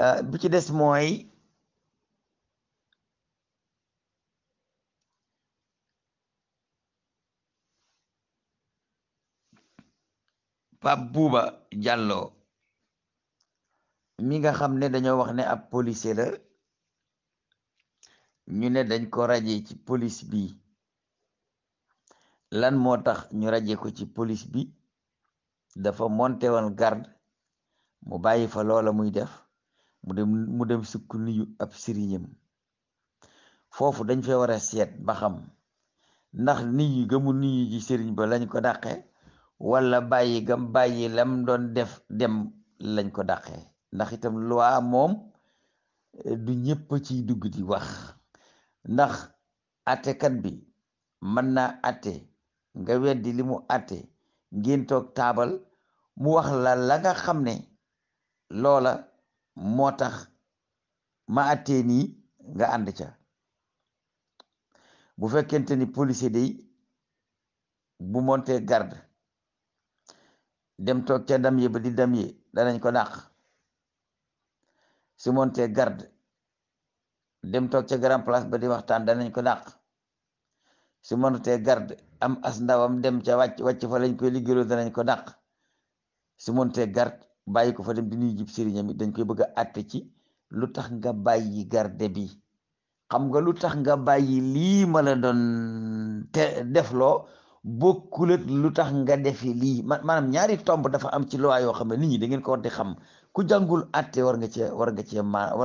Euh, bi ci des mooy Pape Bouba Diallo mi nga xam ne dañoo wax ne ab policier la ñu ne dañ ko raje ci police bi lan moo tax ñu raje ko ci police bi dafa monté woon garde mu bàyyi fa loola muy def mu dem mu dem sukk nuyu ab sëriñam foofu dañ fee wara seet ba xam ndax niyu gamu niyu ji sëriñ ba lañ ko dàqe wala bàyyi gam bàyyi lam doon def dem lañ ko dàqe ndaxitam itam loi moom du ñëpp ciy dugg di wax ndax attekat bi mën na ate nga weddi li mu atte ngeen toog taabal mu wax la la nga xam ne loola moo tax ma attee nii nga ànd ca bu fekkente ni policier day bu monte garde dem toog ca dam ye ba di dam ye danañ ko dàq su monte garde dem toog ca grand place ba di waxtaan danañ ko dàq su monte garde am as ndawam dem ca wàcc wàcc fa lañ koy liggéeyloo danañ ko dàq su monte garde bàyyi ko fa dem di nuyu jib sëriñam it dañ koy bëgg a àtte ci lu tax nga bàyyi garde bi xam nga lu tax nga bàyyi lii ma la doon te defloo bokkulet lu tax nga defi lii maanaam ñaari tomb dafa am ci loi yoo xam ne nit ñi da ko di xam ku jàngul àtte war nga cee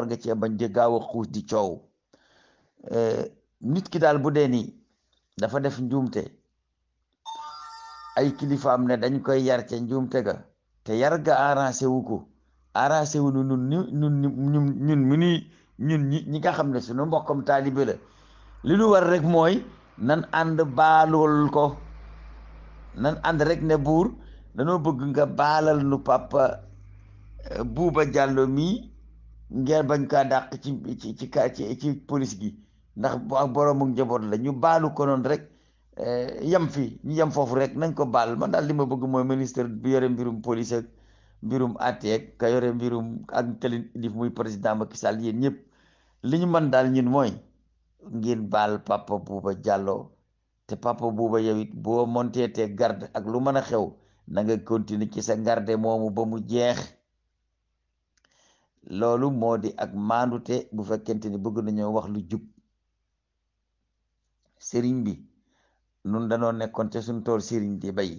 nga cee bañ di gaaw a xuus di coow nit ki daal bu dee nii dafa def njuumte ay kilifaam ne dañ koy yar ca njuumte ga te yarga arrangé wu ko arrangé wu nu nun ñun ñun ñun mu ni ñi nga xam ne suñu mbokkam taalibe la li nu war rek mooy nan ànd baalul ko nan ànd rek ne buur danoo bëgg nga baalal nu papa eh, buuba jàllo mii ngeen bañ kaa dàq ci ci ci ci police gi ndax ak boroomu njaboot la ñu baalu ko noonu rek Eh, yam fi ñu yem foofu rek nañ ko baal man daal li ma bëgg mooy ministre bi yore mbirum police ak mbirum ateeg ka yore mbirum ak këlin idif muy président Macky Sall yéen ñëpp li ñu mën daal ñun mooy ngeen baal Papa Bouba Diallo te Papa Bouba yow it boo montee te garde ak lu mën a xew nanga nga ci sa garde moomu ba mu jeex loolu moo di ak maandute bu fekkente ni bëgg nañoo wax lu jub sëriñ bi nun danoo nekkoon ca suñ tool sëriñ di bay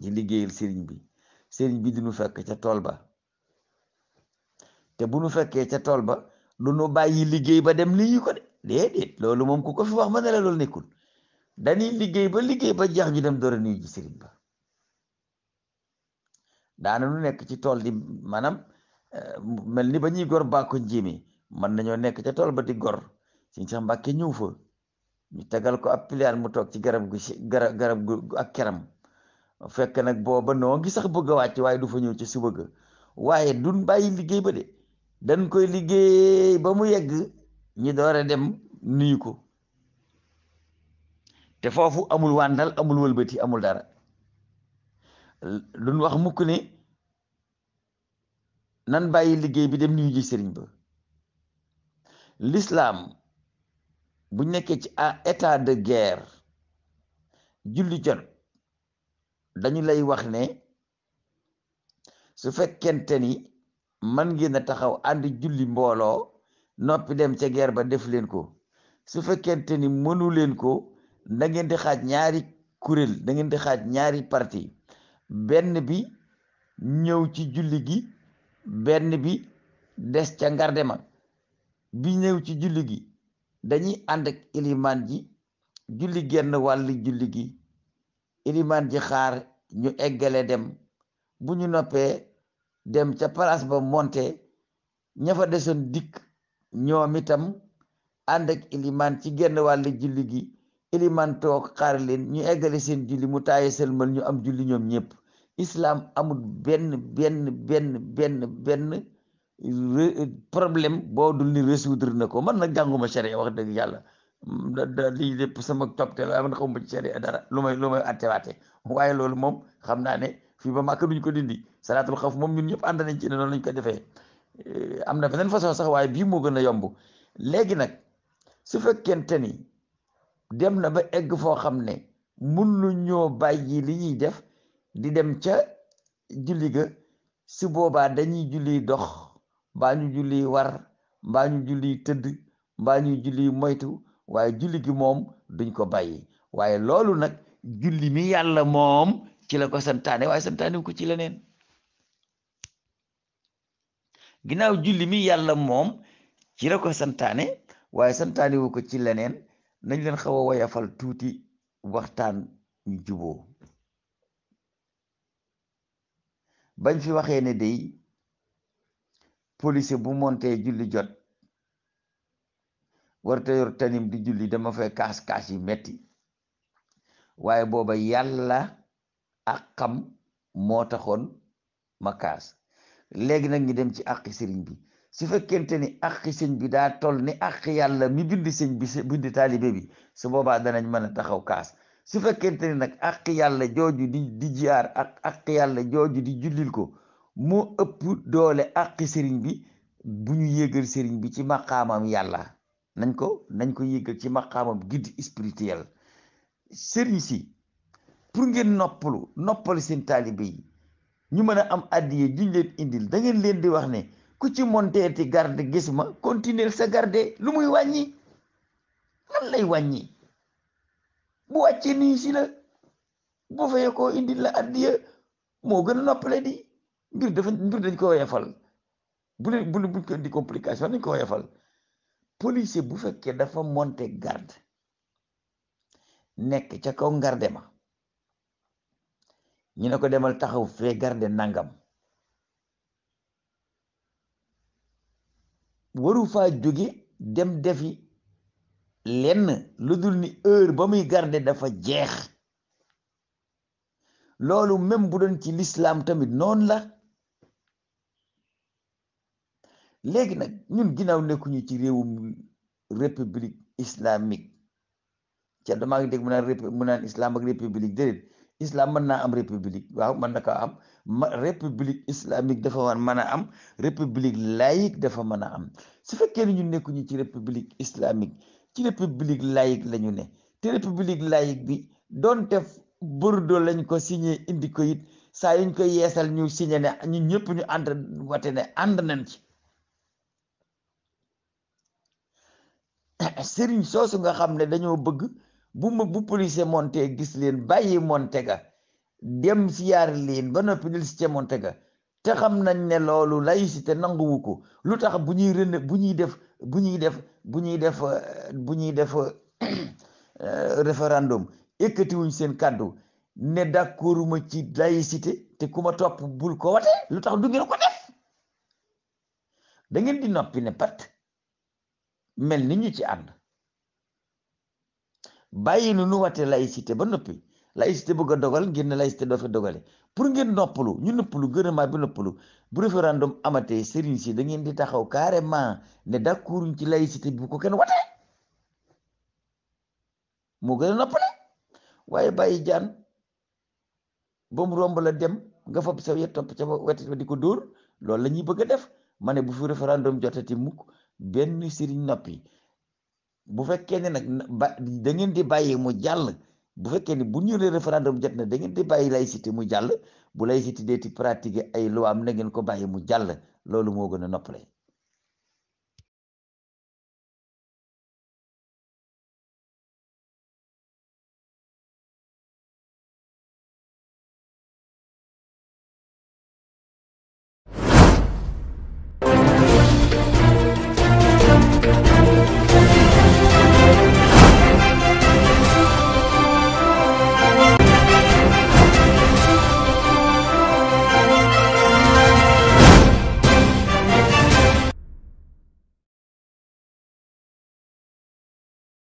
di liggéeyal sëriñ bi sëriñ bi di nu fekk ca tool ba te bu nu fekkee ca tool ba du nu bàyyi liggéey ba dem ni ñu de déedéet loolu moom ku ko fi wax ma ne la loolu nekkul dañuy liggéey ba liggéey ba jeex ñu dem door a nuyu ji ba daana nu nekk ci tool di maanaam eh, mel ni ba ñuy gor bàkko njéeme mën nañoo nekk ca tool ba di gor Sëriñ Seex Mbàkke ñëw fa ñu tegal ko ab pilier mu toog ci garab gu garab gu ak keram fekk nag booba noo sax bëgg a waaye du fa ñëw ci suba ga waaye duñ bàyyi liggéey ba de dañ koy liggéey ba mu yegg ñi doore dem nuyu ko te foofu amul wàndal amul wëlbati amul dara duñ wax mukk ne nan bàyyi liggéey bi dem nuyu ji sëriñ ba lislaam bu nekkee ci en état de guerre julli jot dañu lay wax ne su fekkente ni man ngeen a taxaw ànd julli mbooloo noppi dem ca guerre ba def leen ko su fekkente ni mënu leen ko da ngeen di xaaj ñaari kuréel da ngeen di xaaj ñaari parti benn bi ñëw ci julli gi benn bi des ca ngarde ma bi ñëw ci julli gi dañuy ànd ak ilimaan ji julli genn wàll julli gi ilimaan ji xaar ñu eggale dem bu ñu noppee dem ca palaas ba monte ña desoon dikk ñoom itam ànd ak ilimaan ci genn wàll julli gi ilimaan toog xaar leen ñu eggale seen julli mu taaye sëlmal ñu am julli ñoom ñëpp islaam amul benn benn benn benn benn problème boo dul ni résoudre na ko mën na gànguma sharia wax dëgg yàlla lii mm, lépp sama copte la man xaw ma dara lu may lu may attewaate waaye loolu moom xam naa ne fii ba màkk duñ ko dindi salaatul xawf moom ñun ñëpp ànd nañ ci ne noonu lañ ko defee eh, am na beneen façon sax waaye bii moo gën a yomb léegi nag su fekkente ni dem na ba egg foo xam ne mun lu ñoo bàyyi li ñuy def di dem ca julli ga su boobaa dañuy julli dox mbaa ñu julli war mbaa julli tëdd mbaa ñu julli moytu waaye julli gi moom duñ ko bàyyi waaye loolu nag julli mi yàlla moom ci la ko santaane waaye santaane ko ci leneen ginnaaw julli mi yàlla moom ci la waaye santaane ko ci leneen nañ leen xaw a woyafal tuuti waxtaan ñu bañ fi waxee ne day policier bu montee julli jot warta yor di julli dama fay kaas-kaas yi metti waaye booba yàlla ak xam moo taxoon ma kaas léegi nag ngi dem ci àqi sëriñ bi si fekkente ni àqi sëñ bi daa toll ni àqi yàlla mi bind sëñ bi bind taalibe bi su boobaa danañ mën a taxaw kaas su fekkente ni nag di di ak àqi yàlla jooju di jullil ko moo ëpp doole àqi sëriñ bi bu ñu yéegal sëriñ bi ci maqaamam yàlla nañ ko nañ ko yéegal ci maqaamam guide spirituel sëriñ si pour ngeen noppalu noppal seen taali yi ñu mën a am addiye juñ leen indil da ngeen leen di wax ne ku ci monteeti garde gis ma continuer sa garde lu muy wàññi lan lay wàññi bu wàccee nii si la bu fayee koo indil la addiye moo gën a noppale di ngir dafa ngir dañ ko yefal bu leen bu buñ ko di complication dañ ko yefal policier bu fekkee dafa monter garde nekk ca kaw ngarde ma ñu ne ko demal taxaw fee garde nangam waru faa jóge dem defi lenn lu dul ni heure ba muy garde dafa jeex loolu même bu doon ci lislaam tamit noon la léegi nag ñun ginnaaw nekkuñu ci réewum république islamique ca damaa ngi dégg mu naan mu naan islam ak république déedéet islam mën naa am république waaw mën na ko am ma république islamique dafa war mën a am république laïque dafa mën a am su fekkee ne ñun nekkuñu ci république islamique ci république laïque la ñu ne te république laïque bi doonte Bordeaux lañ ko signé indi ko it saa yuñ koy yeesal ñu signé ne ñun ñëpp ñu ànd wate ne ànd nañ ci. sëriñ soosu nga xam ne dañoo bëgg bu ma bu police monte gis leen bàyyi monte ga dem siyaar leen ba noppi del si ca monte ga te xam nañ ne loolu laïcité nanguwu ko lu tax bu ñuy rënd bu ñuy def bu ñuy def bu ñuy def euh, bu ñuy def euh, euh, référendum ekkatiwuñ seen kàddu ne d'accorduma ci laïcité te ku ma topp bul ko wate lu tax du ngeen ko def da di noppi ne pat mel ni ñu ci ànd bàyyi nu nu wate laïcité ba noppi laïcité bëgg a dogal ngir ne laïcité doo fi dogale pour ngeen noppalu ñu noppalu gouvernement bi noppalu bu référendum amatee sëriñ si da ngeen di taxaw carrément ne d'accorduñ ci laïcité bi bu ko kenn watee moo gën a noppale waaye bàyyi jaan ba mu romb la dem nga fab sa yet topp ca wet di ko dóor loolu la ñuy bëgg a def ma ne bu fi référendum jotati mukk benn sëriñ noppi bu fekkee ne nag ba da ngeen di bàyyi mu jàll bu fekkee ne bu ñu ne référendum jot na da ngeen di bàyyi laïcité mu jàll bu lay dee ti pratiquer ay loi am na ngeen ko bàyyi mu jàll loolu moo gën a noppale